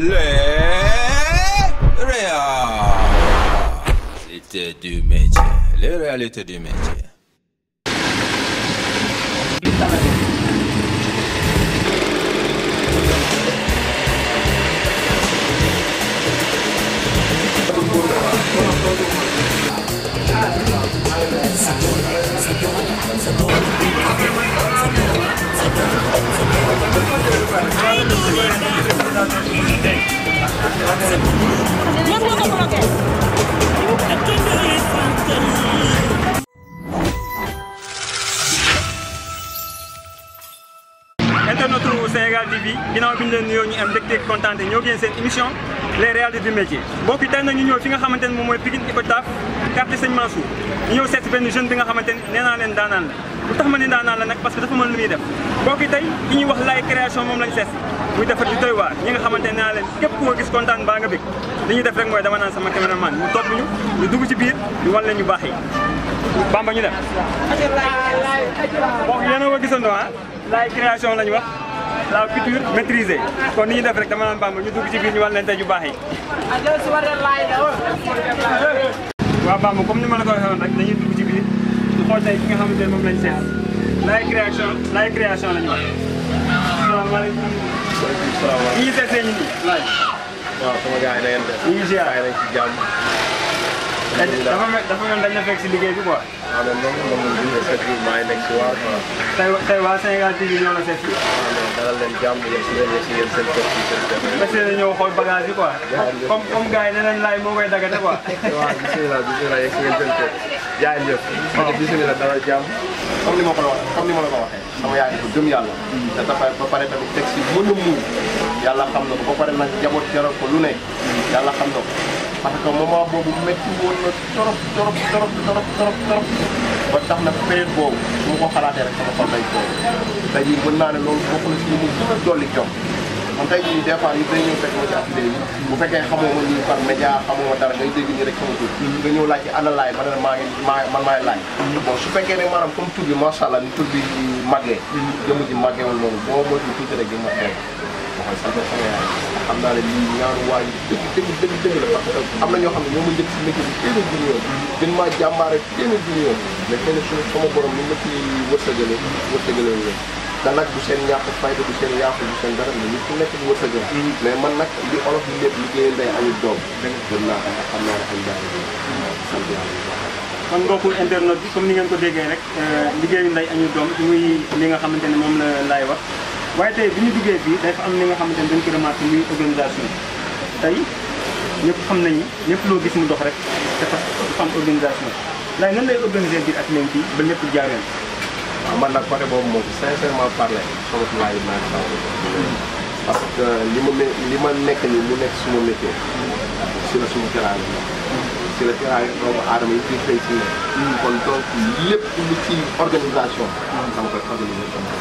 les réalités du métier. Les réalités du métier. Sénégal TV ginnaaw bi ñu leen nuyoo ñu am mbégte ak kontaan ñoo génn seen émission les réalités du métier mbokk yi tey nag ñëw fi nga xamante ne moom mooy Pikine Icotaf quartier Sëñ ñu ñëw seet benn jeune bi nga xamante ne naa leen daanaan la lu tax ma ne daanaan la nag parce que dafa mën lu muy def mbokk yi tey ki ñuy wax laay création moom lañ seet muy defar yu doy waar ñi nga xamante naa leen képp ku ma gis kontaan baa nga bég li ñu def rek mooy dama naan sama caméraman mu topp ñu ñu dugg ci biir ñu wan leen ñu baax yi bamba ñu dem bon yéen a ko gisandoo ah laay création wax la culture maîtrisée kon ni ñu def rek dama naan bamba ñu dugg ci biir ñu wan leen tey yu baax yi waaw bamba comme ni ma la ko waxee rek dañuy dugg ci biir ñu xool tey ki nga xamante ne moom lañ seet laay création laay création la wax asalaamaaleykum. waaleykum salaam wa rahmatulah. sëñ bi. waaw sama gars yi na ngeen def. ñu ngi ziar waaye nañ ci jàmm. dafa mel dafa mel dañ la fekk si liggéey bi quoi. waaw man man man man bii sept jours maa ngi nekk si waar quoi. tey tey waa Sénégal TV ñoo la seet si. waaw mais dalal leen jàmm yéen si yéen si yéen seen kër si seen kër. parce que ñëw xool bagage yi quoi. comme comme gars yi nee nañ laay moo koy dagate quoi. waaw bisimilah bisimilah yéen si yéen seen kër. yaayam yëpp. waaw gis nañu ne dara jàmm. comme ni ma ko la waxee comme ni ma la ko waxee. sama yaay ko gëm yàlla. te dafay ba pare tamit teg yàlla xam na ko ba pare na jaboot jaral ko lu ne. yàlla xam na ko. parce que moment boobu métti woon na torop torop torop torop torop torop ba tax na période boobu ko xalaatee rek naa ne loolu bokk na si mu gën a dolli man tey jii des fois nit fekk ma ci atelier yi bu fekkee xamoo ma nii par média xamoo ma dara ngay dégg nii rek sama tur nga ñëw laaj ci ana laay ma ne maa ngi maa ni tur bi màggee jëmm ji màggee boo moytu tuuti rek naa ne lii ñaanu waa ji dëgg dëgg parce que am na ñoo xam ne ñoo ma njëkk si métier bi téeméer junni yoon gën maa jàmbaare téeméer te nag ya apa itu fayda ya apa yàqu darah ini itu mereka buat saja. bu nak mais man nag li olof yi lépp liggéey nday amit doom gën naa ko xam naa xam daal bi sant yàlla bu baax kon mbokku internet bi comme ni ngeen ko déggee rek liggéeyu nday añu doom muy li nga xamante ne moom la laay wax man na côté boobu moom sincèrement parler xamatuma ay naaj taw parce que li ma li ma nekk nii mu nekk suma métier. si la suñu teraanga si la teraanga doomu aadama yi fii xëy si kon donc lépp lu ci organisation. dama koy organiser sama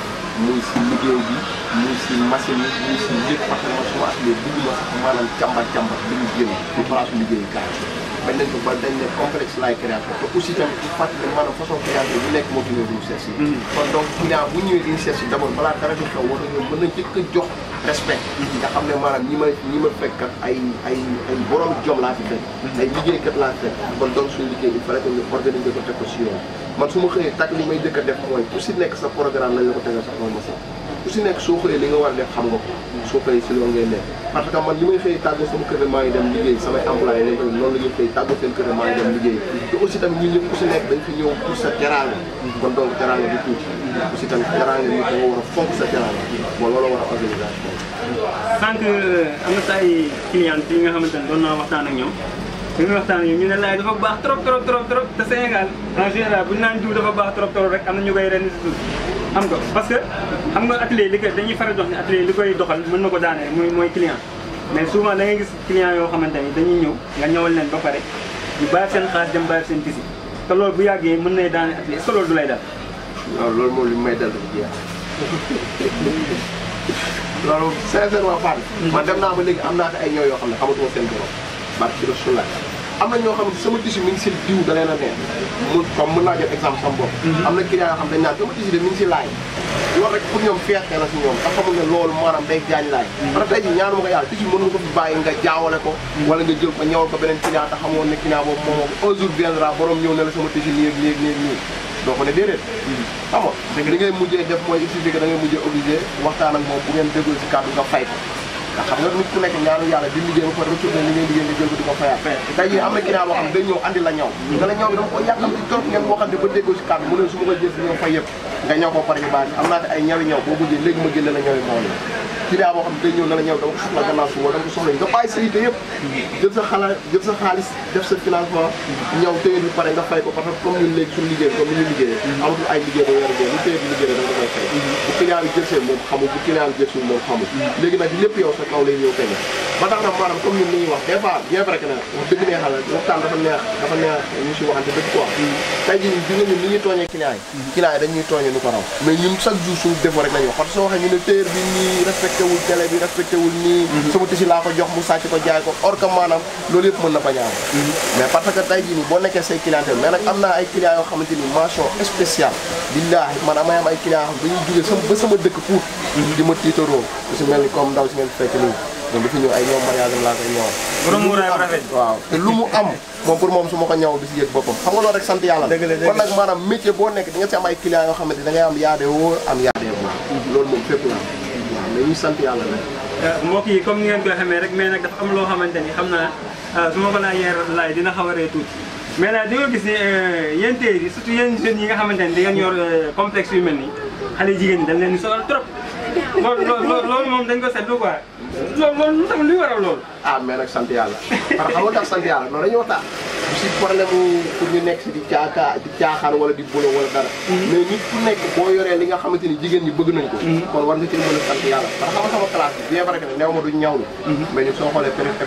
muy si liggéey bi muy si machine yi muy si yëpp parce que man su ma atelier bëgg ma sax maanaam càmbar càmbar bi ñu génn. di place liggéeyukaay. bañ nañ ko ba dañ ne complexe laay créateur te aussi tamit ci fàttali maanaam façon créateur bu nekk moo fi ñu seet si hmm. kon donc client bu ñëwee di ñu seet si d' abord balaa dara di xew a njëkk a jox respect hmm. nga xam ne maanaam ñi ma ñi ma fekk ak ay ay ay borom jom laa fi fekk hmm. ay liggéeykat laa fekk kon donc suñu liggéey il fallait que ñu organiser ko teg ko si yoon man su xëyee tàkk li may njëkk a def mooy ku si nekk sa programme lañ la ko tegal sa promotion su nekk soo xëyee li nga war a def xam nga ko soo xëyee si loolu ngay nekk parce que man li may xëy tàggoo sama kër maa ngi dem liggéey samay employé lañ koy noonu la ñuy xëy tàggoo seen kër maa ngi dem liggéey te si nekk dañ fi ñëw pour sa teraanga kon donc teraanga bi tuuti sa teraanga bon loolu war yi nga xamante ne doon naa waxtaan ak ñoom bi muy waxtaan dafa baax trop trop trop trop te Sénégal en général bu ñu naan jiw dafa baax trop trop rek am na ñu koy ren si suuf xam nga parce que xam nga atelier li koy dañuy faral di wax ne atelier li koy doxal mën na ko daanee mooy mooy client mais souvent da ngay gis client yoo xamante ni dañuy ñëw nga ñëwal leen ba pare yu bàyyi seen xaar dem bàyyi seen tisi te loolu bu yàggee mën nay daaneel atelier est-ce loolu du lay dal waaw loolu moom li may dal dafa jeex loolu sincèrement parle man dem naa ba léegi am naa ay ñoo yoo xam ne xamatuma seen borom barke bi rasulullah am na ñoo xam ne sama tissu mi ngi si diw da leen a neex mu comme mën naa jël exemple sama bopp mhm. am na client yoo xam dañ naan sama tissu de si laay loolu rek pour ñoom feexee la si ñoom ndax xamul ne loolu maanaam day gaañ laay mhm. ma ko yàlla bàyyi nga jaawale ko mhm. wala nga jël ko ñawal ko beneen client te xamoon ne client boobu moom moom un jour viendra borom ñëw ne la sama tissu léegi léegi léegi léegi doo ko ne déedéet xam nga li ngay mujjee def mooy expliqué da mujjee obligé waxtaan ak moom bu ngeen déggul si kàddu nga xam nga nit ku nekk ñaanu yàlla di liggéey ba pare retourné li ngay liggéey nga jël ko di ko fayaat tey jii am na ginnaaw boo xam ne ñëw andi la ñaw mm. nga la ñaw bi dama ko yàqam ci trop ngeen waxante ba déggoo si kàddu mu ne su ma jël si fay yëpp nga ñaw ko pare ñu baax am naa te boo bëggee léegi ma génne la ñawi moo client boo xam ne day ñëw na la ñëw dama ko soxla gannaaw suba dama ko soxla nga bàyyi sa yite yëpp jël sa xalaat jël sa xaalis def sa financement ñëw téye bi pare nga fay ko parce que comme ñun léegi suñu liggéey comme ni ñu liggéeyee amatul ay liggéey ba weer bee lu téye bi liggéey da nga koy fay bu client bi jëlsee moom xamul bu client bi jëlsul moom xamul léegi nag lépp yow sa kaw lay ñëw tey ba tax na maanaam comme ñun ni ñuy wax des fois bien vrai que ne wax dëgg neexal waxtaan dafa neex dafa neex ñu si waxante dëgg quoi tey jii gis nga ñun ni ñuy tooñee client yi client yi dañuy tooñee ñu ko raw mais ñun chaque jour suñu défaut rek lañu wax parce que soo waxee ñu ne téer bi nii respecté respecté wul télé bi respecté mhm. jox mu sàcc ko jaay ko or que maanaam loolu yëpp na bañ a am mhm. tey jii nii boo nekkee say clientèle mais nag am naa ay clients yoo xamante ni mention spéciale billaahi man dëkk mhm. ma tiitaroo ku si ni comme ndaw si ngeen fekk nii ñoom dafa te lu mu am moom pour moom su ma ko ñaw di si yëg boppam xam nga loolu rek sant yàlla kon nag maanaam métier boo nekk di si am ay clients yoo xamante da ngay am yaadewoo am loolu moom fépp la ñu sant yàlla nag. Euh, mbokk yi comme ni ngeen ko xamee rek mais nag dafa am loo xamante ni xam naa euh, su ma ko laajee laaj dina xaw a ree tuuti mais nag di nga gis ne euh, yéen tey jii surtout yéen jeunes yi nga xamante ni di ngeen yor complexe yu mel nii xale jigéen ñi dañ leen di sonal trop loolu loolu moom dañ ko seetlu quoi loolu loolu lu tax luy waral loolu. ah mais nag sant yàlla parce que xam nga tax sant yàlla noonu dañuy waxtaan du si problème pour ñu nekk si di caaka di caaxaan wala di bulo wala dara mm-hmm. mais nit ku nekk boo yoree li nga xamante ni jigéen ñi bëgg nañ ko mm-hmm. kon war nga ci mën a sant ma duñ ñawlu mm-hmm. mais ñun soo xoolee boo ëpp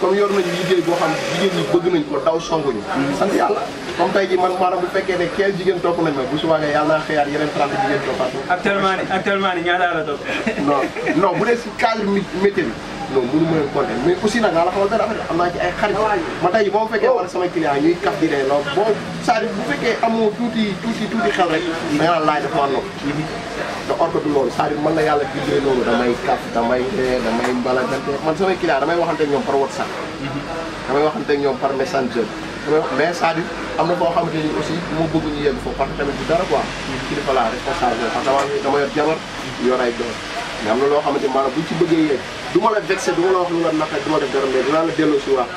nañu ñawlu mais liggéey boo xam bëgg nañ ko daw songuñu sant yàlla comme tey ji man maanaam bu fekkee ne quinze jigéen topp nañ ma bu subaa nga yàlla naa xëyaat yeneen trente jigéen toppaat actuellement ni actuellement ni ñaata la topp non non bu dee si cadre non mënu ma leen compter mais aussi nag naa la xamal benn affaire am naa ci ay xarit ma tey boo fekkee oh. wala samay client ñuy kaf di dee lool boo saa bu fekkee amoo tuuti tuuti tuuti xel rek da a noppi te or ko du loolu c'est-à-dire man la yàlla bindee noonu damay kaf damay dee damay mbalagante man samay damay waxante ak ñoom par WhatsApp damay waxante ak ñoom par messenger mais c'est-à-dire am na koo xamante ni aussi moo bëgg ñu yegg foofu parce que tamit du yor ay doon mais am na loo xam ne xamante maanaam bu ci bëggee yéeg du ma la vexé du ma la wax lu la du ma def dara mais dinaa la delloo si waat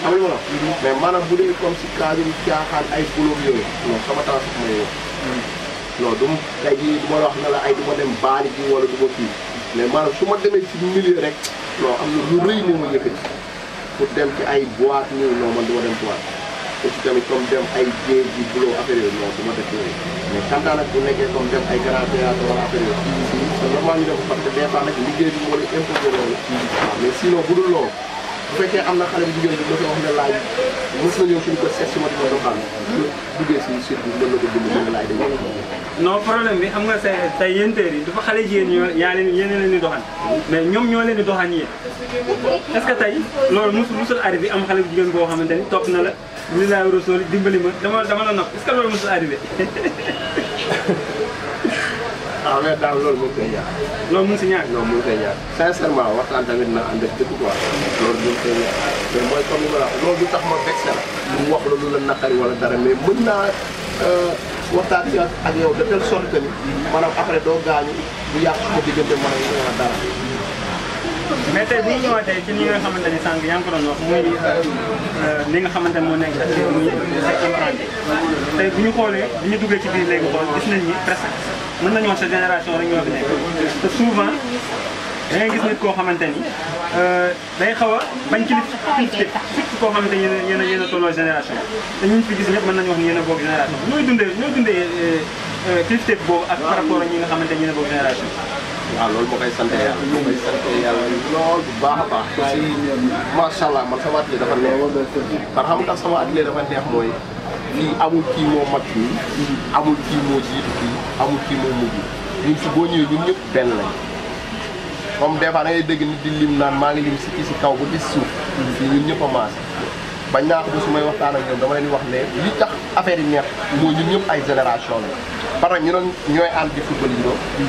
xam nga ma mhm. mais maanaam bu dee comme si cas caaxaan ay boulom yooyu non sama temps sax mhm. ma yow non ma wax ne ay du ma dem baali ji wala du ma fii su ma demee ci milieu rek non am na lu rëy moo ma pour dem ci ay boîte nii non man du ma dem boîte aussi tamit dem ay géej ma def yooyu mais tant nag bu dem ay grand théâtre wala mm-hmm. parce que des fois nag liggéey bi moo la imposé mm-hmm. dul loolu bu fekkee am na xale bu jigéen bi dafa wax ne ko seet si ma di ma doxal. bu mm-hmm. duggee si sud bi mën bi xam nga say tey yéen tey yi dafa xale jigéen ñoo yaa leen yéen leen di mais ñoom ñoo leen di doxal yéen est ce que tey loolu mosul mosul arrivé am xale bu jigéen boo xamante ni topp na la. li laa war a sóor dimbali ma dama dama la nopp est-ce que loolu mos a arrivé. ah mais daaw loolu moo koy ñaar. loolu mun si ñaar. loolu mun koy ñaar sincèrement waxtaan tamit na ànd ak dëkk quoi. loolu mun koy ñaar mais mooy comme ni ma la wax loolu du tax ma vexé la. mu wax la lu la naqari wala dara mais mën naa euh, waxtaan si ak yow de telle sorte que ni. maanaam après doo gaañu bu yàq ma diggante ma dara. mais tey bu ñu ñëwaatee ci li nga xamante ni sànq yaa ngi ko doon wax muy euh, li nga xamante ni moo nekk ci muy emprunté tey bu ñu xoolee bu ñu duggee ci biir léegi xool gis nañ ni presque mën nañu sa génération rek ñoo fi nekk te souvent da gis nit koo xamante ni euh, day xaw a bañ ci nit ci koo xamante ni yéen a yéen a tolloo génération te ñu fi gis ñëpp mën nañu wax ni yéen a bokk génération ñooy dundee ñooy dundee euh, kilifteef boobu ak par rapport ak ñi nga xamante ni yéen a bokk génération waaw loolu ma koy sant yàlla ma koy sant yàlla lool bu baax a baax. aussi macha allah man sama atelier dafa neex. par xam nga sama atelier dafa neex mooy. fii amul kii moo mag fii. amul kii moo jiitu fii amul kii moo mujj. ñun fi boo ñëwee ñun ñëpp benn lañ. comme des fois da ngay dégg nit di lim naan maa ngi lim si ci si kaw ba ci suuf. fii ñun ñëpp a maas. bañ naa ko ba su may waxtaan ak ñoom dama leen wax ne li tax affaire yi neex. mooy ñun ñëpp ay génération la. parce que ñu doon ñooy ànd di football yi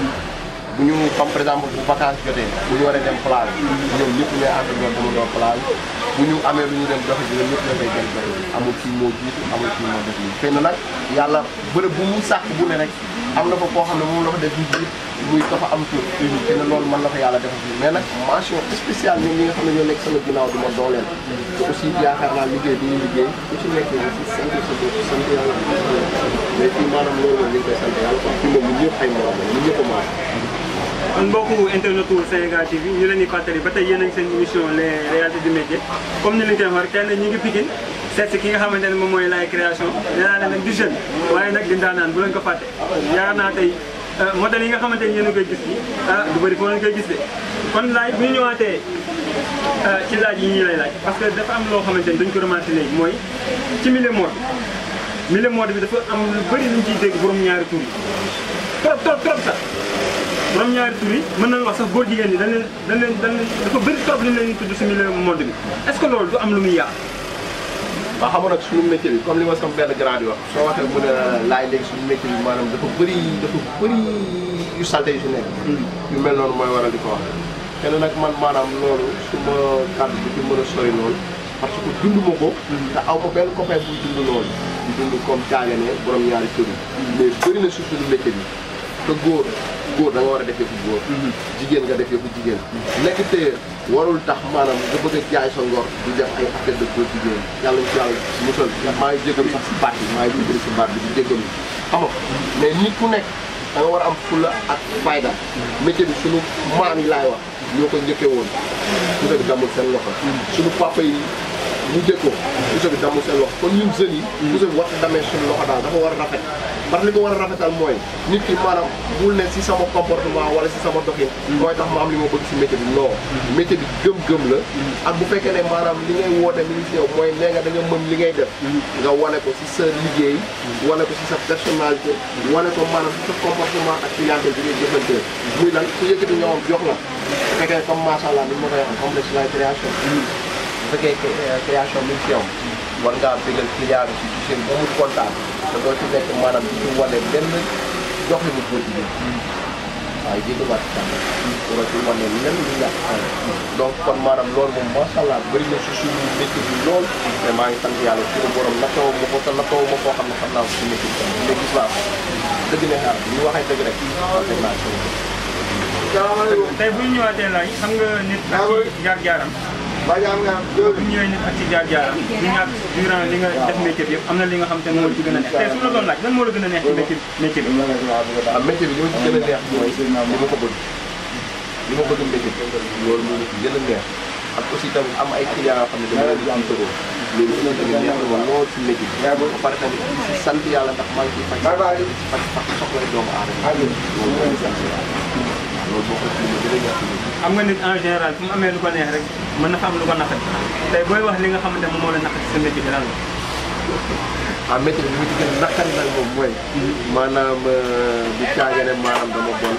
bu ñu comme par exemple bu vacances jotee bu ñu waree dem plage ñoom ñëpp ñooy ñu amee lu ñu dem dox ji ñëpp ñoo koy dem doxi amul kii moo jiitu amul kii yàlla bërëb bu mu sàkk bu ne na fa koo xam ne moom la fa def jiit muy dafa am tur xëy loolu mën na fa yàlla defal mais nag mention spéciale ñoom ñi ñoo nekk sama ginnaaw di ma dooleel te yaakaar naa liggéey bi ñu liggéey ku ci nekk si sant sa bopp sant yàlla mais fii maanaam ñu ngi koy sant yàlla quoi fii moom ñun ñëpp ay kon mbokku internetu Sénégal TV ñu leen di fàttali ba tey yéen a ngi seen émission les réalités du métier comme ni ñu koy waxee tey nag ñu ngi Pikine seet ki nga xamante ne moom mooy Laye Création nee naa leen nag du jeune waaye nag dindaa naan bu leen ko fàtte yaakaar naa tey euh, modèle yi nga xamante ne yéen a koy gis yi ah du bëri foo leen gis de kon Laye bu ñu ñëwaatee euh, ci laaj yi ñu lay laaj parce que dafa am loo xamante ni dañ ko remarqué léegi mooy ci milieu mode milieu mode bi dafa am lu bëri lu ñu ciy dégg borom ñaari tur yi trop borom ñaari tur yi mën nañu wax sax góor jigéen ñi dañ leen dañ leen dañ leen dafa bëri trop li leen tudd si milieu monde bi est loolu du am lu muy yàq waaw xam nga nag suñu métier bi comme li ma sama benn grand bi wax soo waxee mu ne laaj léegi bëri dafa bëri yu salte mm. mel noonu mooy waral di ko wax te nag man maanaam loolu su ma kàddu bi ci a sori loolu parce que dund ma ko mm. te aw ma benn copain buy dund loolu dund comme caagane borom ñaari tur mm. mais bëri na si suñu métier bi te góor góor da war a def yëfu góor mhm. jigéen nga def yëfu jigéen nekk téye warul tax maanaam nga bëgg a jaay sa ngor di def ay affaire de jigéen yàlla ci yàlla musal maa ngi jégalu sax si baat bi maa ngi jégalu si baat bi di jégalu xam nga mais nit ku nekk da nga war a am fulla ak fayda métier bi suñu maam yi laay wax ñoo ko njëkkee woon su fekk gàmmul seen loxo mhm. suñu papa yi ñu déggoo puso bi damm kon ñun jeunes yi puso mm. bi war a damee suñu loxo daal dafa war a rafet parce li ko war a rafetal mooy nit ki maanaam bul ne si sama comportement wala si sama doxin mm. mooy tax ma am li ma bëgg si métier bi non mm. métier bi gëm-gëm la ak fekkee ne maanaam li ngay woote mi ngi si mooy nee nga da nga mën li ngay def nga wale ko si sa liggéey wane ko si sa personnalité wale ko maanaam si sa comportement ak clientèle bi ngay jëfantee muy lan ku yëkkati ñoom jox la bu fekkee comme macha allah ni ma koy wax complexe la création bu fekkee euh, création bi ci yow war ngaa bégal client bi ci seen ba mu kontaan te doo ci nekk maanaam di ci wane benn jox li mu bëgg ci wane lenn lu ñàkk donc kon maanaam loolu moom macha allah bëri na si suñu lool. maa ngi sant yàlla suñu la nattoo ma ko te nattoo ma koo xam ne xam naa ko si métier bi. mais gis naa ko dëgg ne xaar bu waxee dëgg rek. wax dëgg xam nga nit. ak ah jaar-jaaram. waajaam nga am ak ci jaar jaaram du ñàkk durant li nga def métier yëpp am na li nga xam te ne moo ci gën a neex tey su a ah, a li ma ko bëgg li ma bëgg métier bi loolu moo ci gën a neex ak aussi tamit am ay client yoo si tamit neex na lool ci métier bi ba pare na ci li ma am nga nit en général fu mu amee lu ko neex rek mën na fa am lu ko naqari tey booy wax li nga xamante moom moo la naqari sa métier bi lan la. ah a nag moom mooy. maanaam euh, di caage ne maanaam dama bon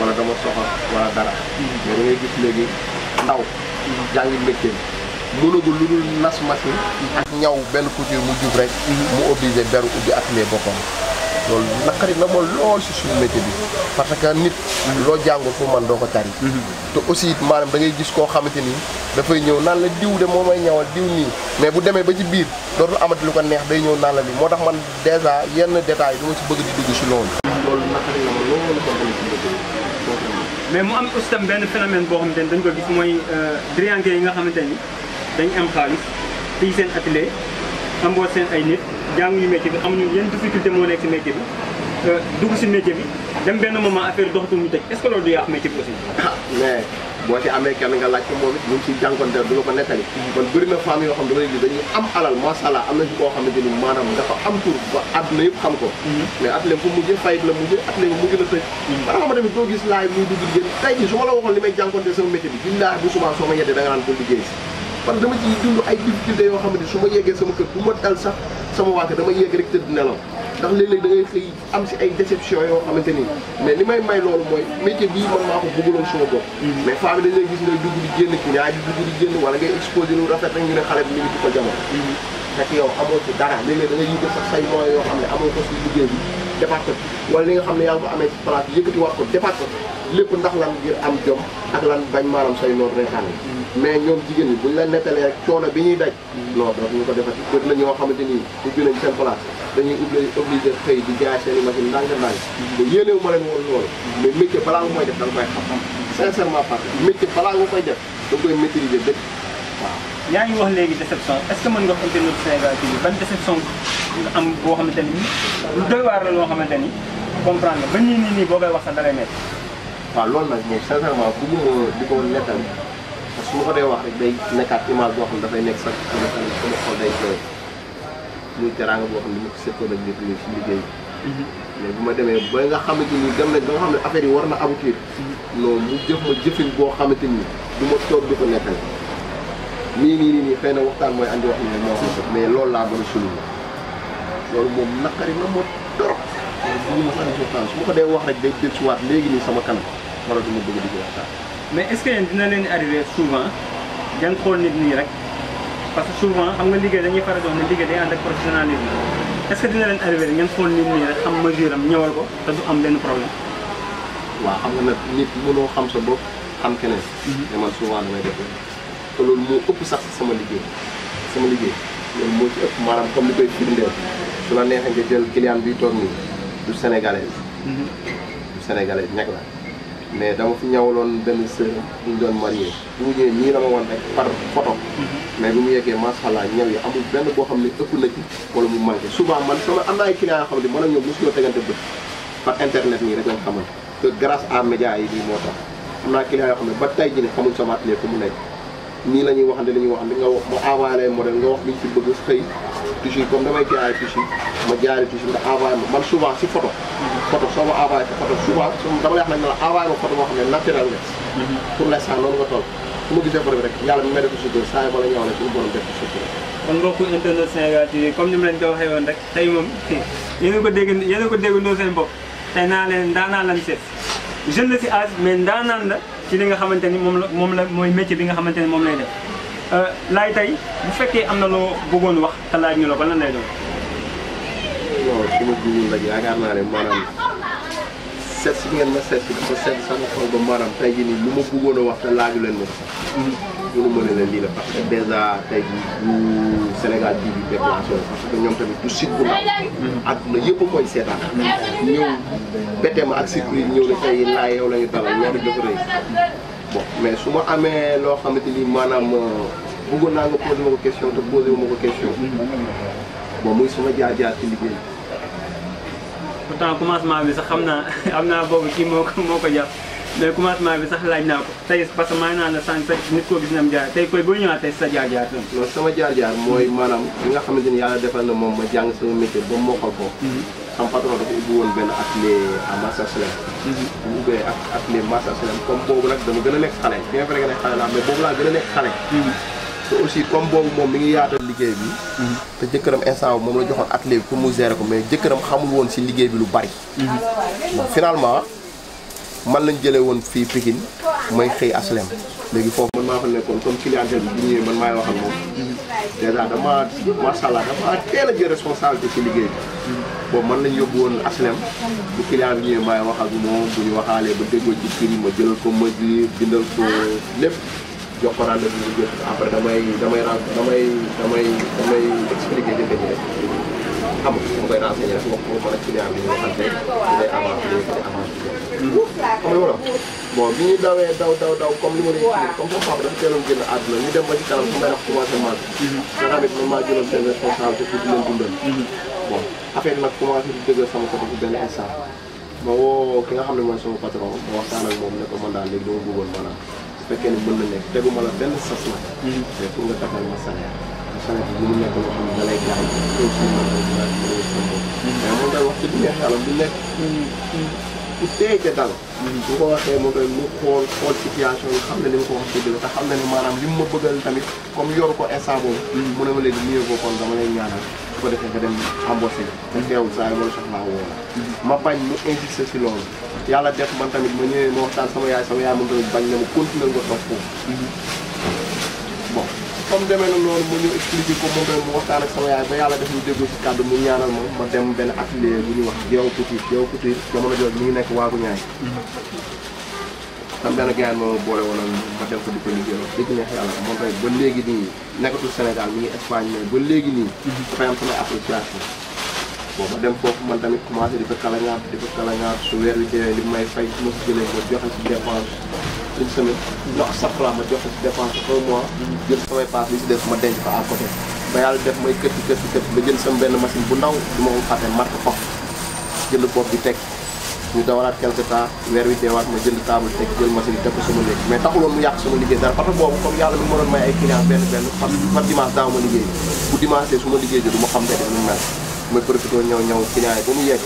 wala dama soxor wala dara. Hmm. mais da gis léegi ndaw. jàngi métier bi. mënagul lu dul nas machine. Hmm. ak ñaw benn couture mu jub rek. Hmm. mu obliger beru ubbi atelier boppam. lool nakari na ma lool ci suñu métier bi parce que nit loo jàngul fu man doo tari te aussi maanaam da ngay gis koo xamante ni dafay ñëw naan la diw de moo may diw nii mais bu demee ba ci biir dootul amati lu ko neex day la man yenn ci bëgg di dugg ci loolu loolu nakari na ma ko bëgg ci mais mu am aussi tam phénomène boo dañ ko gis euh, yi nga dañ am atelier amboo seen ay nit jànguñu métier bi amuñu yan difficulté moo nekk si métier bi euh, dugg si métier bi dem benn moment affaire doxatul ñu tëj est-ce que loolu du yàq métier bi ah, nga laaj ko moom la ko xam ne leen di dañuy am am tur ba àdduna yëpp xam ko. Mhm. mais at leen fu mujjee fayit la mujjee at leen mujj la tëj. maanaam ma tamit boo gis laay muy dugg génn tey jii la waxoon li may jànkuwanteel sama métier bi billahi bu subaa soo ma yeddee da nga naan liggéey si man dama ciy dund ay difficulté yoo xam ne su ma yeggee sama kër bu ma dal sax sama waa kër damay yegg rek tëdd nelaw ndax léeg-léeg ngay xëy am si ay déception yoo xamante ni mais li may may loolu mooy métier bii man maa ko su ma bopp mm-hmm. mais femme dañ lay gis ngay dugg di génn ci ñaar di dugg di génn wala ngay exposé lu rafet rek ñu ne xale bi mi ngi ci ko jamono mm-hmm. fekk yow amoo ci dara léeg-léeg da ngay yëg sax say moyens yoo xam ne amoo ko si liggéey bi defaat ko wala li nga xam ne yaa ngi ko amee ci place yëkkati war ko defaat ko lépp ndax lan ngir am jom ak lan bañ maanaam say noor reetaan yi mais ñoom jigéen ñi buñ la nettalee rek coono bi ñuy daj non dootuñu ko defati bëri na ñoo xamante nii ubbi nañ seen place dañuy obligé xëy di jaay seen i machine ndànk ndànk te yéenewu ma leen woon loolu mais métier balaa nga koy def da nga koy xam sincèrement parce que métier balaa nga koy def da koy maîtriser dëkk waaw yaa ngi wax léegi déception est-ce que mën nga wax internet Sénégal ci ban déception nga am boo xamante ni lu doy waar la loo xamante ni comprendre ba nii nii nii boo koy wax sax dalay waaw loolu nag moom sincèrement bu ñu di ko nettal parce ko dee wax rek day nekkaat image boo xam ne dafay nekk sax sama sama xol day jooy muy teraanga boo xam ne ñu ko seqoon ak ñëpp mhm. bu ma demee nga xamante ni dem nañ ba xam ne affaire yi war na aboutir. Mhm. non mu jëf ma jëfin boo xamante ni du ma toog di ko nekkal. nii nii nii nii xëy na waxtaan loolu laa gën a loolu moom naqari na moo trop bu ma sax su ma ko dee wax rek day jël si léegi nii sama kanam waratu ma bëgg di ko waxtaan mais est-ce que yéen dina leen arrivé souvent ngeen xool nit nii rek parce que souvent am nga liggéey dañuy faral di wax ne liggéey day ànd ak professionnalisme est dina leen arrivé ngeen xool nit nii rek am mesure am ñëwal ko te du am benn problème waaw xam nga nag nit mënoo xam sa bopp xam keneen. ne mhm. man souvent te loolu moo ëpp sax sama liggéey sama liggéey loolu moo ci ëpp maanaam comme li koy firndeel su la neexee nga jël client bi toog nii du sénégalais mhm. du sénégalais ñag la mais dama fi ñawaloon benn sœur bu ñu doon marié bu mu ñëwee ñii la ma woon rek par photo mhm. mais bu mu yeggee macha allah ñaw yi amul benn boo xam ne ëpp na ci wala mu manqué souvent man sama am na ay clients yoo xam ne mën a ñoom mosuñoo tegante bët par internet nii rek lañ xamal que grâce à média yi lii moo tax yoo xam ne ba tey jii ne xamul sama mu nekk nii la ñuy waxante li waxante nga wax ma envoyé lay modèle nga wax li ci bëgg xëy tissu comme damay jaay tissu ma jaari tissu nga envoyé ma man souvent wax ne la envoyé ma photo boo xam ne naturel nga pour l'instant noonu nga toll su ma gisee photo rek yàlla mi may def sutura saa yi ma la ñëw ne suñu borom def sutura internet Sénégal TV comme ni mu leen ko waxee woon rek tey moom yéen a ko dégg yéen a ko déggandoo seen bopp tey naa leen ndaanaan lan seet jeune la si âge mais ndaanaan la ci li nga xamante ni moom la moom la mooy métier bi nga xamante ni moom lay def euh, laay tey bu fekkee am na loo bëggoon wax te laaj la ko lan lay doon. non su ma bëggoon rek yaakaar naa ne maanaam seet si ngeen ma seet si dafa sa sama xol ba maanaam tey jii nii lu ma bëggoon a wax te laaju leen ma. Mm-hmm. ñu mën a lii la parce que dèjà tey jii bu Sénégal bii parce que ñoom tamit du site bu ndaw. àdduna yëpp mais su amee loo xamante ni maanaam euh, bëggoon naa question te posé ma ko question. bon muy sama jaar-jaar commencement bi sax xam naa am naa boobu kii moo ko moo ko jàpp. mais commencement bi sax laaj naa ko tey parce que maa naan la sànq sa nit koo gis na mu jaar tey koy boo ñëwaat tey sa jaar-jaar tam sama jaar-jaar ni yàlla defal moom ma jàng sama métier ba mokkal ko sama patron dafa ubbi woon benn atelier bu ubbee ak atelier gën a nekk xale gën a nekk xale te aussi comme boobu moom mi ngi yaatal liggéey bi te jëkkëram instant moom la joxoon atelier bi pour mu gérer ko mais jëkkëram xamul woon si liggéey bi lu bari mhm. finalement man lañ jëlee woon fii Pikine may xëy aslem léegi foofu man maa fa nekkoon comme clientèle bi ñëwee man maay wax ak moom dèjà dama macha allah dama teel a jël responsabilité ci liggéey bi boobu man lañ yóbbu woon aslem bu client bi ñëwee maay wax ak moom bu ñu waxaalee ba déggoo ci prix ma jëlal ko mesure bindal ko lépp jox ko rendez-vous bu jot après damay damay damay damay damay expliqué jëndañu xam nga koy renseigné rek wax ko rek client bi ñu waxante daw daw daw comme li ma lay expliqué comme sama papa dafa teeloon ma def commencé màgg. nga mhm. tamit man maa jëloon seen responsabilité pour mhm. ki nga xam ne mooy sama patron ma waxtaan ak moom ne ko man daal léegi dama bëggoon maanaam su fekkee ne mën na nekk teguma la benn sas la. Mhm. mais pour nga taxal ma salaire. sant bi mu nekk loo xam ne da lay gaañ. loolu si man la dinaa dinaa mu nekk. ku tey ca dal. bu ko waxee mu doon mu xool xool situation yi xam ne li ma ko na ne maanaam li mu ma bëggal tamit comme yor ko instant boobu. ne ma léegi kon dama lay ñaanal. bu ko defee nga dem embauché bi. te yi ma bañ mu insisté si loolu. yàlla def man tamit ma ñëwee ma waxtaan sama yaay sama yaay ma doon bañ ne ma continué nga toog foofu. comme demee na noonu mu ñu expliqué ko moom tamit mu waxtaan ak sama yaay ba yàlla def ñu déglu si kàddu mu ñaanal ma ma dem benn atelier bu ñuy wax Diaw Couture Diaw Couture jamono jooju mi ngi nekk waagu ñaay sam benn gaañ moom boole woon ma dem ko di ko liggéeyal wax dëgg neex yàlla moom tamit ba léegi nii nekkatul Sénégal mi ngi Espagne mais ba léegi nii dafay am samay appréciation bon ma dem foofu man tamit commencé di fa kalañaat di fa kalañaat su weer wi deewee li may fay su ma si jëlee ma joxe si dépense une semaine ndox sax la ma jox ci dépense un mois jël samay pass li ci def ma denc ko à côté ba yàlla def may kër ci kër ci kër ba jël sama benn machine bu ndaw du ma ko fàtte marque fof jël bopp bi teg ñu dawalaat quelque temps weer wi deewaat ma jënd table teg jël machine teg ko sama néeg mais taxuloon mu yàq sama liggéey dara parce que boobu comme yàlla mi ma doon may ay client benn benn parce que dimanche daaw liggéey bu dimanche su ma liggéey du ma xam ne def mel may profité ñëw ñëw client yi ba mu yegg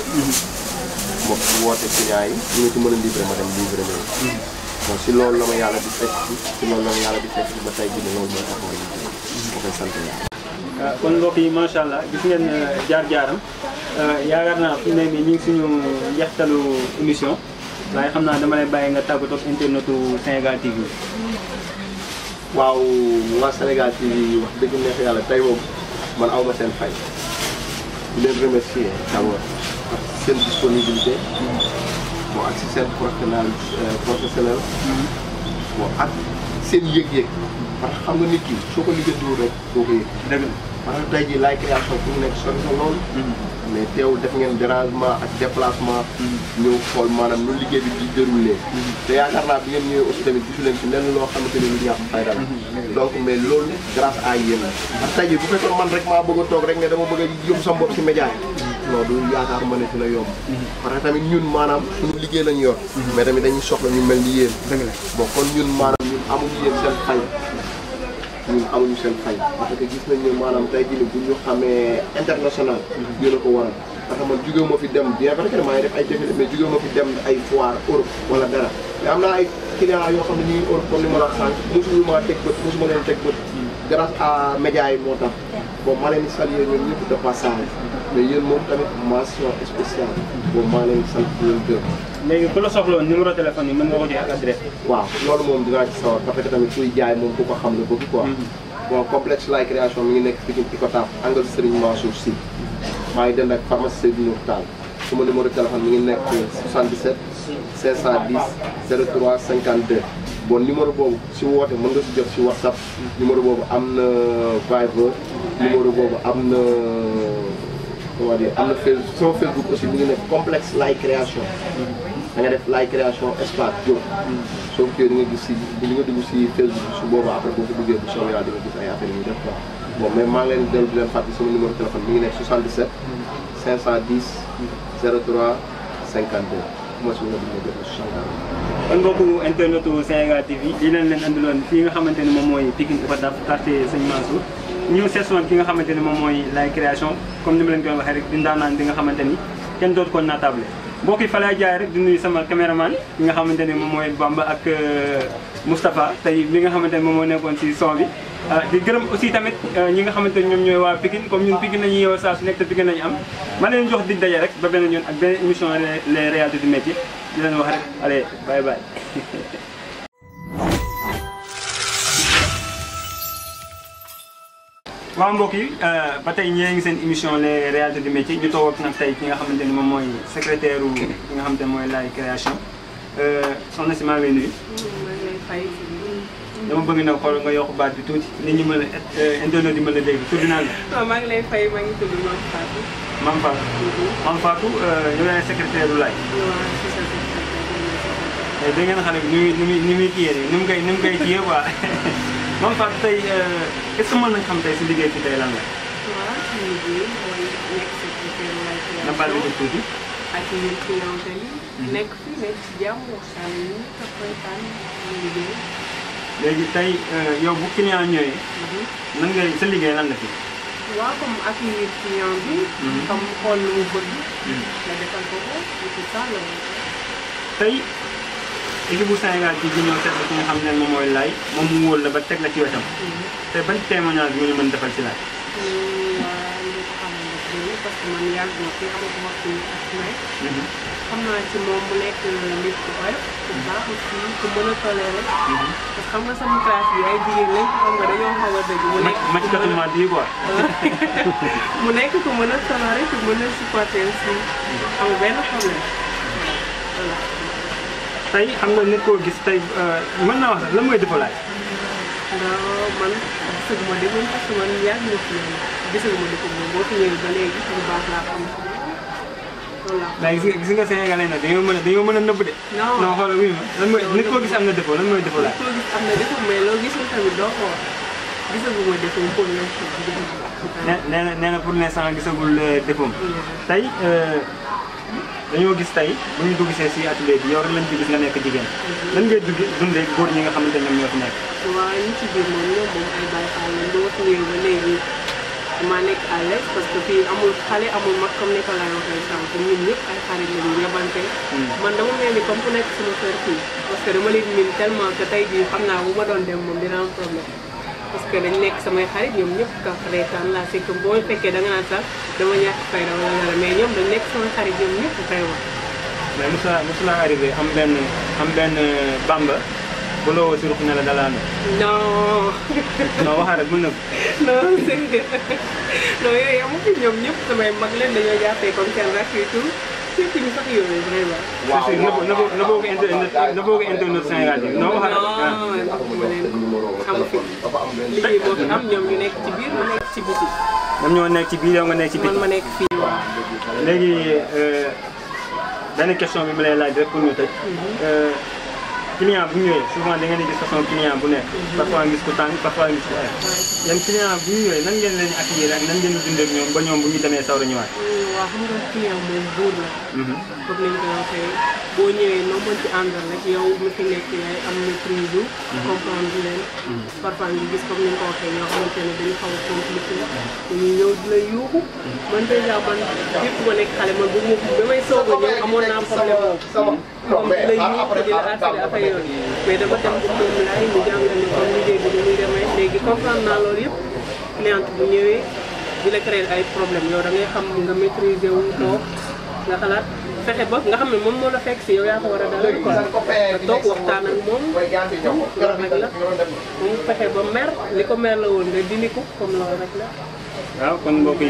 ma mhm. woote client yi ñu ci mën a livré ma dem livré leen mhm. bon si loolu la ma yàlla di fekk si loolu la ma yàlla di fekk ba tey jii loolu mooy taxawal yi ma koy sant yàlla. Ah, kon mbokk yi macha allah gis ngeen euh, jaar-jaaram euh, yaakaar naa fi mu nii suñu njeextalu émission waaye xam naa dama lay bàyyi nga tàggatoo ak internetu Sénégal TV. waaw waa Sénégal TV wax dëgg neex yàlla tey moom man awma seen fay. leen remercier d'abord seen disponibilité. bu ak si seen professionnel euh, professionnel bu ak seen yëg-yëg parce que xam nga nit ki soo ko liggéeyul rek doo ko yëg dëgg la parce que tey jii laay création fu mu nekk sori na lool hmm. mais teewul ak déplacement hmm. ñëw xool maanaam nu liggéey bi di déroulé hmm. te yaakaar naa bi ngeen ñëwee aussi tamit gisu leen ci lenn loo xamante ne lu ñàkk fayda la donc mais loolu grâce à yéen parce que tey jii man rek maa bëgg a toog rek ne dama bëgg a yóbbu sa mbokk ci média loolu yaakaar ma ne dina yomb. Mhm. parce tamit ñun maanaam suñu liggéey lañ yor. Mhm. mais tamit dañuy soxla ñu mel ni yéen. dëgg la bon kon ñun maanaam ñun amuñu yéen seen fay. ñun amuñu seen fay parce que gis nañ ne maanaam tey jii bu ñu xamee international. Mhm. yéen a ko waral parce que man ma fi dem bien vrai que maa ngi ma fi ay foire Europe wala dara am naa ay clients yoo xam ne ñu ngi Europe comme ni ma la wax sànq mosuñu maa teg bët teg bët. grâce à médias yi moo tax bon maa leen di saluer ñoom ñëpp de passage mais yéen moom tamit mention spéciale bon maa leen di sant yéen gërëm la soxla woon numéro téléphone yi mën nga ko joxe ak adresse waaw loolu moom dinaa ci sawar parce que tamit kuy jaay moom ku ko xam ne bëgg quoi mm-hmm. bon complexe Laye création mi ngi nekk Pikine Icotaf angle Serigne Mansour Sy maa ngi dend ak pharmacie Seydou Nour Tall suma numéro téléphone mi ngi nekk 77 510 03 52 bon numéro boobu si woote mën nga si jot si whatsapp numéro boobu am na Viber numéro boobu am na comment dire am na Facebook sama Facebook aussi mi ngi nekk complexe Laye création da nga def Laye création espace Diop soo kiiwee di nga gis si li nga dugg si Facebook su boobaa après boo ko duggee bu soobee yàlla di gis ay affaire yi def quoi mais maa ngi leen dellu di leen fàttali sama numéro téléphone mi ngi nekk 77 510 03 52 moo suñu yóbbu mooy jot incha allah. mbokku internetu Sénégal TV li leen leen andiloon fii nga xamante ni moom mooy Pikine Badaf quartier Sëñ Mansour ñu seetsoon ki nga xamante ni moom mooy Laye Création comme ni ma leen koy waxee rek di ndaanaan bi nga xamante ni kenn dootu ko naatable. mbokk yi fa laay jaay rek di nuyu sama caméraman bi nga xamante ne moom mooy Bamba ak euh, Moustapha tey li nga xamante ne moom moo nekkoon si son bi. Euh, di gërëm aussi tamit euh, ñi nga xamante ne ñoom ñooy waa Pikine comme ñun Pikine nañu yeewoo saa su nekk te Pikine nañu am ma leen jox di daje rek ba beneen yoon ak beneen émission les réalités du métier di leen wax rek allez bye baay waaw mbokk yi euh, ba tey ñee ngi seen émission les réalités du métier ñu toog ak nag tey ki nga xamante ni moom mooy secrétaire u ki nga xamante mooy Laye Création euh, soxna si maa ngi lay nuyu mm-hmm. dama bëgg nag xool nga yokk baat bi tuuti nit ñi mën a euh, internet di mën a dégg tudd naa la maa ma lay fay maa ngi tudd Mame Fatou Mame Fatou mm-hmm. Mame bi ni muy mu koy ni mu koy kiyee quoi moom Fatou tey est-ce que xam tey si liggéey bi tey lan la. waaw liggéey nekk secrétaire relation. nampal bi def tuuti. ak yéen yi ñu bi. comme xool lu mu bëgg. tey. équipe bu Sénégal ci ñëw seetlu ki nga xam ne moom mooy Laye moom mu wóor la ba teg la ci wetam. Mm-hmm. te ban témoignage man yàgg na fi am naa ci moom mu nekk nit ku mm-hmm. mën a toléré. Mm-hmm. nga sama classe bi ay jigéen lañ xam a dëgg. mu nekk ku mën a ma di mën a toléré ku mën a supporté aussi. amul tey am na nit koo gis tey euh, mën naa wax lan mooy defalaay. man xam. gis nga gis nga Sénégalais nag dañoo mën a nëbb de. non non xoolal lan mooy nit koo gis am na defoo lan mooy defoo laaj. nit koo gis am na defoo mais loo gisul tamit doo ko wax gisaguma defoo pour l'instant. nee na nee na pour l'instant euh, dañoo gis tey bu ñuy dugg see si atelier bi yow rek lañ gis nga nekk jigéen lan ngay dugg dundee góor ñi nga xamante ñoom ñoo fi nekk waaw ñu ci biir moom ñoom moom ay Baye Fall lañ doo ñëw que fii amul xale amul mag comme ni ko laay waxee sànq ñun ñëpp ay xarit lañu yabante hmm. man dama mel ni comme ku nekk parce que dama leen miin tellement que tey bii xam naa bu ma doon dem moom dina problème parce que dañ nekk samay xarit ñoom ñëpp kaf reetaan laa fekk boo fekkee da nga naan sax dama ñàkk fayda wala dara mais ñoom dañ nekk samay xarit ñoom ñëpp vraiment. mais mos naa mos naa arrivé am benn am benn bamba bu la woo si ruq ne la dalaana. non. non waxaana mën na. non c'est non yooyu amu fi ñoom ñëpp samay mag leen dañoo jàppee comme kenn rek et tout. surtout sax yooyu vraiment. waaw waaw na ko na ko internet na ko internet Sénégal bi non. xam nga fi liggéey boo fi am ñoom ñu nekk ci biir mu nekk ci biti. ñoom ñoo nekk ci biir yow nga nekk ci biti. man ma nekk fii waaw. léegi euh, benn question bi ma lay laaj rek pour ñu tëj. Mhm. Euh, client bu ñëwee souvent da ngeen di gis façon client bu nekk. parfois ko tàng parfois ngis ko ay. yan client bu ñu ñëwee nan ngeen leen accueillir ak nan ngeen di dundee ak ñoom ba ñoom bu ñu demee a ñëwaat. waaw xam nga client moom buur mhm. ko waxee mhm. mhm. parfois ñu gis ko waxee ñoo xamante ne dañu xaw a compliqué. dañuy ñëw di la yuuxu. damay soog a amoon naa problème boobu. moom di la yuuxu di la affaire yooyu mais dafa dem pour moom laay mu jàngal ni comme liggéey bi ni muy demee léegi comprendre naa loolu yëpp client bu ñëwee di la créer ay problème yow da ngay xam nga maîtriser wu toog nga xalaat fexe ba nga xam ne moom moo la fekk si yow ko war a dalal quoi nga toog waxtaan ak moom mer li mer la woon nga ko comme loolu rek la waaw kon mbokk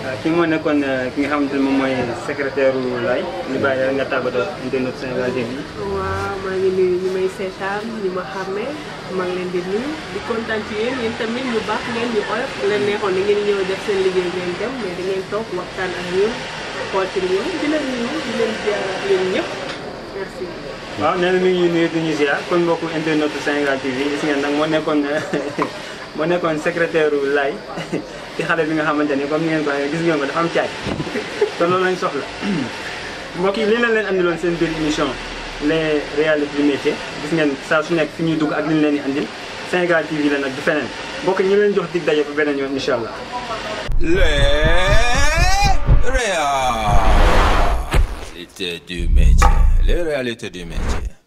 Euh, ki moo nekkoon euh, ki nga xamante ne moom mooy secrétaire Laye ñu bàyyi nga tàggatoo internet Sénégal TV. waaw maa ngi nuyu ñu may seetaan ñu ma xàmmee maa ngi leen di nuyu di kontaan ci yéen yéen tamit ñu baax ngeen ñu oyof leen neexoon da ngeen def seen liggéey ngeen dem mais da toog waxtaan ak ñun xool ci ñun di leen nuyu di leen ziar yéen ñëpp merci. waaw nee na mi ngi nuyu di ñu ziar kon mbokku internet Sénégal TV gis ngeen nag moo nekkoon. moo nekkoon secrétaire u lay di xale bi nga xamante ni comme ni ngeen ko waxee gis ngeen ko dafa am caay te loolu lañ soxla mbokk yi lii lañ leen andiloon seen biir émission les réalités du métier gis ngeen saa su nekk fi ñuy dugg ak li leen di andil Sénégal TV la nag du feneen mbokk ñi leen jox dig daje ba beneen yoon incha allah. les réalités du les réalités du métier.